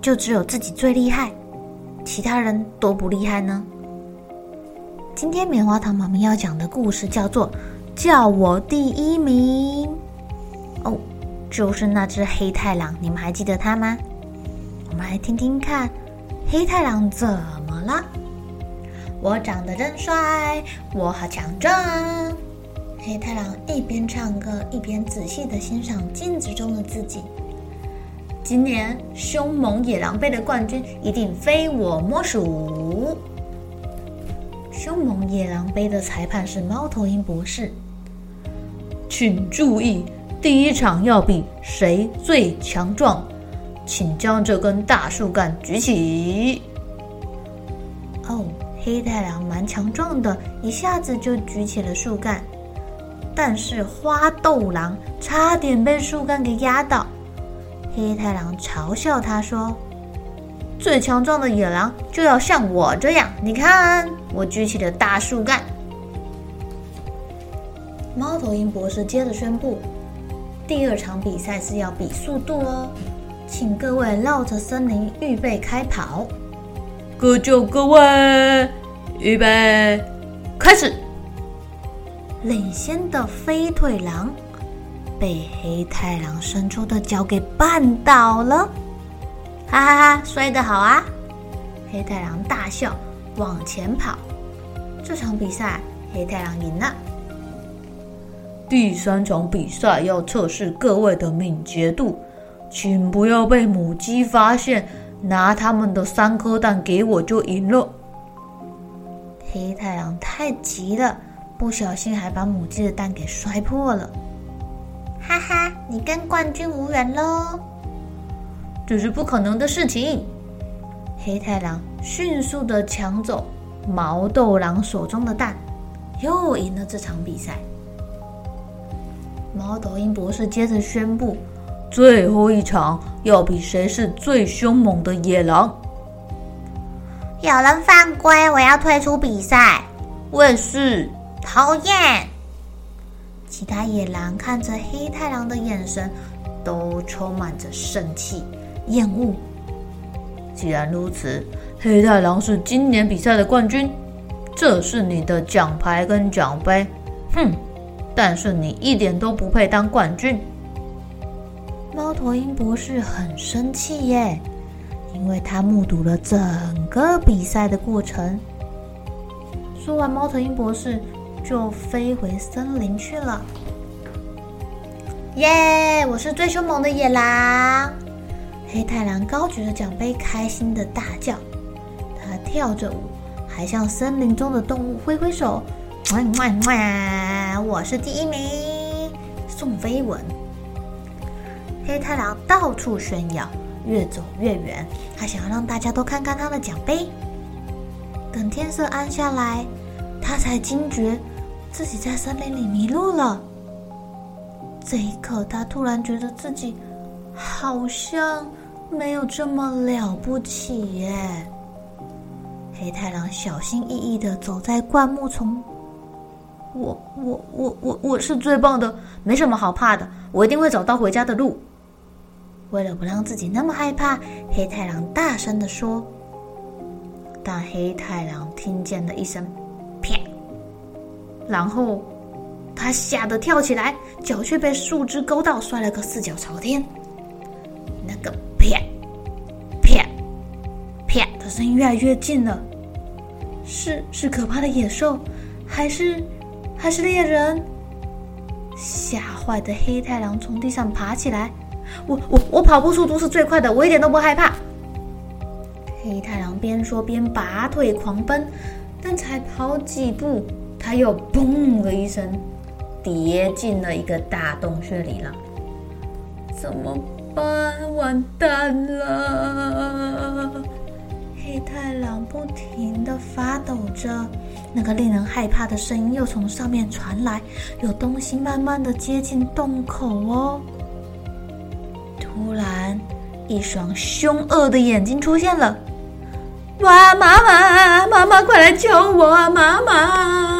就只有自己最厲害，其他人都不厲害呢。今天棉花糖媽媽要講的故事叫做《叫我第一名》。哦，就是那隻黑太狼，你們還記得它嗎？我們來聽聽看，黑太狼怎麼了？我長得真帥，我好強壯。黑太狼一邊唱歌，一邊仔細地欣賞鏡子中的自己。今年兇猛野狼杯的冠軍一定非我莫屬。兇猛野狼杯的裁判是貓頭鷹博士，請注意，第一場要比誰最強壯，請將這根大樹幹舉起。哦，黑太狼蠻強壯的，一下子就舉起了樹幹，但是花豆狼差點被樹幹給壓倒。黑太狼嘲笑他說：“最強壯的野狼就要像我這樣，你看我舉起了大樹幹。”貓頭鷹博士接着宣布：“第二場比賽是要比速度哦，請各位繞着森林預備開跑，各就各位，預備，開始！”領先的飛腿狼。被黑太狼伸出的腳給絆倒了，哈哈哈、哈！摔得好啊！黑太狼大笑，往前跑。這場比賽黑太狼贏了。第三場比賽要測試各位的敏捷度，請不要被母雞發現，拿他們的三顆蛋給我就贏了。黑太狼太急了，不小心還把母雞的蛋給摔破了。哈哈，你跟冠軍無緣嘍！這是不可能的事情。黑太狼迅速地搶走毛豆狼手中的蛋，又贏了這場比賽。貓頭鷹博士接着宣布，最後一場要比誰是最兇猛的野狼。有人犯規，我要退出比賽。我也是討厭。其他野狼看着黑太狼的眼神都充滿着生氣、厭惡。既然如此，黑太狼是今年比賽的冠軍，這是你的獎牌跟獎杯。哼！但是你一點都不配當冠軍。貓頭鷹博士很生氣耶，因為他目睹了整個比賽的過程。說完，貓頭鷹博士。就飛回森林去了。耶、yeah！我是最兇猛的野狼，黑太狼高舉着獎杯，開心的大叫。他跳着舞，還向森林中的動物揮揮手。我我我！我是第一名，送飛吻！黑太狼到處炫耀，越走越遠。他想要讓大家都看看他的獎杯。等天色暗下來，他才驚覺。自己在森林裡迷路了。這一刻，他突然覺得自己好像沒有這麼了不起耶。黑太狼小心翼翼的走在灌木叢，我我我我我是最棒的，沒什麼好怕的，我一定會找到回家的路。為了不讓自己那麼害怕，黑太狼大聲的說。但黑太狼聽見了一聲。然後，他嚇得跳起來，腳卻被樹枝勾到，摔了個四腳朝天。那個啪啪啪的聲音越來越近了，是是可怕的野獸，還是還是獵人？嚇壞的黑太狼從地上爬起來：“我我我跑步速度是最快的，我一點都不害怕。”黑太狼邊說邊拔腿狂奔，但才跑幾步。還有“嘣”的一聲，跌進了一個大洞穴裡了。怎麼辦？完蛋了！黑太狼不停的發抖着，那個令人害怕的聲音又從上面傳來，有東西慢慢的接近洞口哦。突然，一雙兇惡的眼睛出現了。哇！媽媽，媽媽，快來救我啊！媽媽。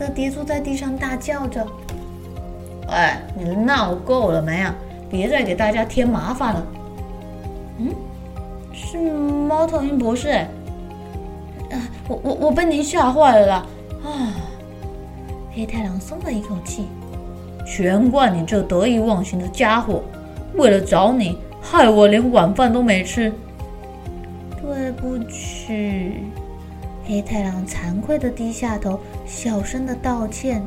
他跌坐在地上，大叫着：“哎，你鬧夠了沒有？別再給大家添麻煩了。”嗯，是貓頭鷹博士哎、啊！我我我被您嚇壞了啦！啊，黑太狼鬆了一口氣，全怪你這得意忘形的家伙，為了找你，害我連晚飯都沒吃。對不起。黑太狼慚愧的低下頭，小聲的道歉。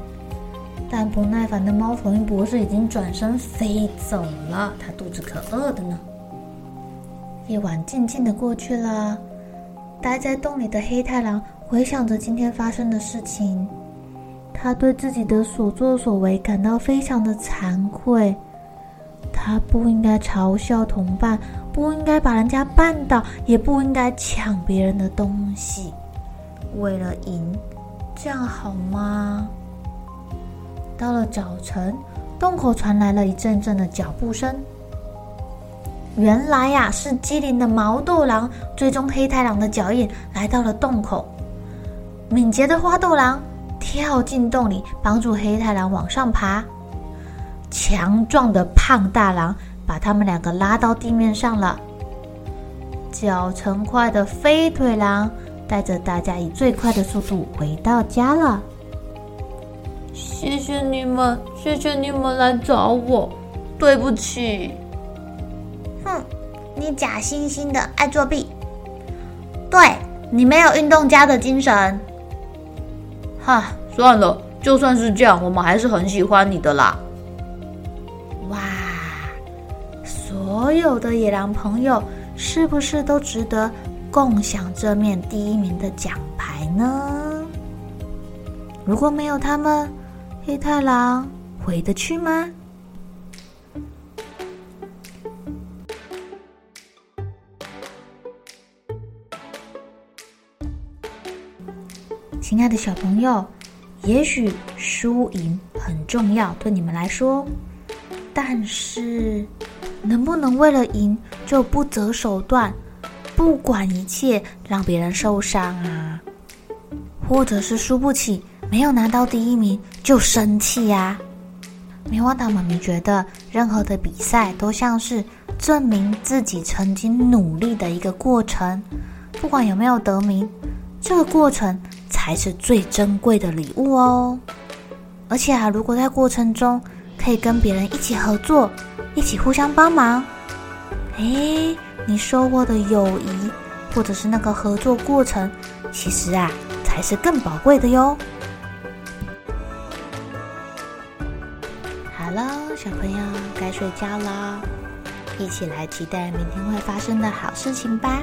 但不耐煩的貓頭鷹博士已經轉身飛走了，他肚子可餓的呢。夜晚靜靜的過去了，待在洞裡的黑太狼回想着今天發生的事情，他對自己的所作所為感到非常的慚愧。他不應該嘲笑同伴，不應該把人家絆倒，也不應該搶別人的東西。為了贏，這樣好嗎？到了早晨，洞口傳來了一陣陣的腳步聲。原來呀、啊，是機靈的毛豆狼，追蹤黑太狼的腳印來到了洞口。敏捷的花豆狼跳進洞裡，幫助黑太狼往上爬。強壯的胖大狼把他們兩個拉到地面上了。腳程快的飛腿狼，帶着大家以最快的速度回到家了。謝謝你們，謝謝你們來找我。對不起。哼，你假惺惺的愛作弊，對你沒有運動家的精神。哈，算了，就算是這樣，我們還是很喜歡你的啦。哇，所有的野狼朋友，是不是都值得？共享這面第一名的獎牌呢？如果沒有他們，黑太狼回得去嗎？親愛的小朋友，也許輸贏很重要對你們來說，但是，能不能為了贏就不擇手段？不管一切，讓別人受傷啊，或者是輸不起，沒有拿到第一名就生氣呀。棉花糖媽咪覺得，任何的比賽都像是證明自己曾經努力的一個過程，不管有沒有得名，這個過程才是最珍貴的禮物哦。而且啊，如果在過程中可以跟別人一起合作，一起互相幫忙，哎。你收穫的友誼，或者是那個合作過程，其實啊，才是更寶貴的喲。好了，小朋友該睡覺了，一起來期待明天會發生的好事情吧。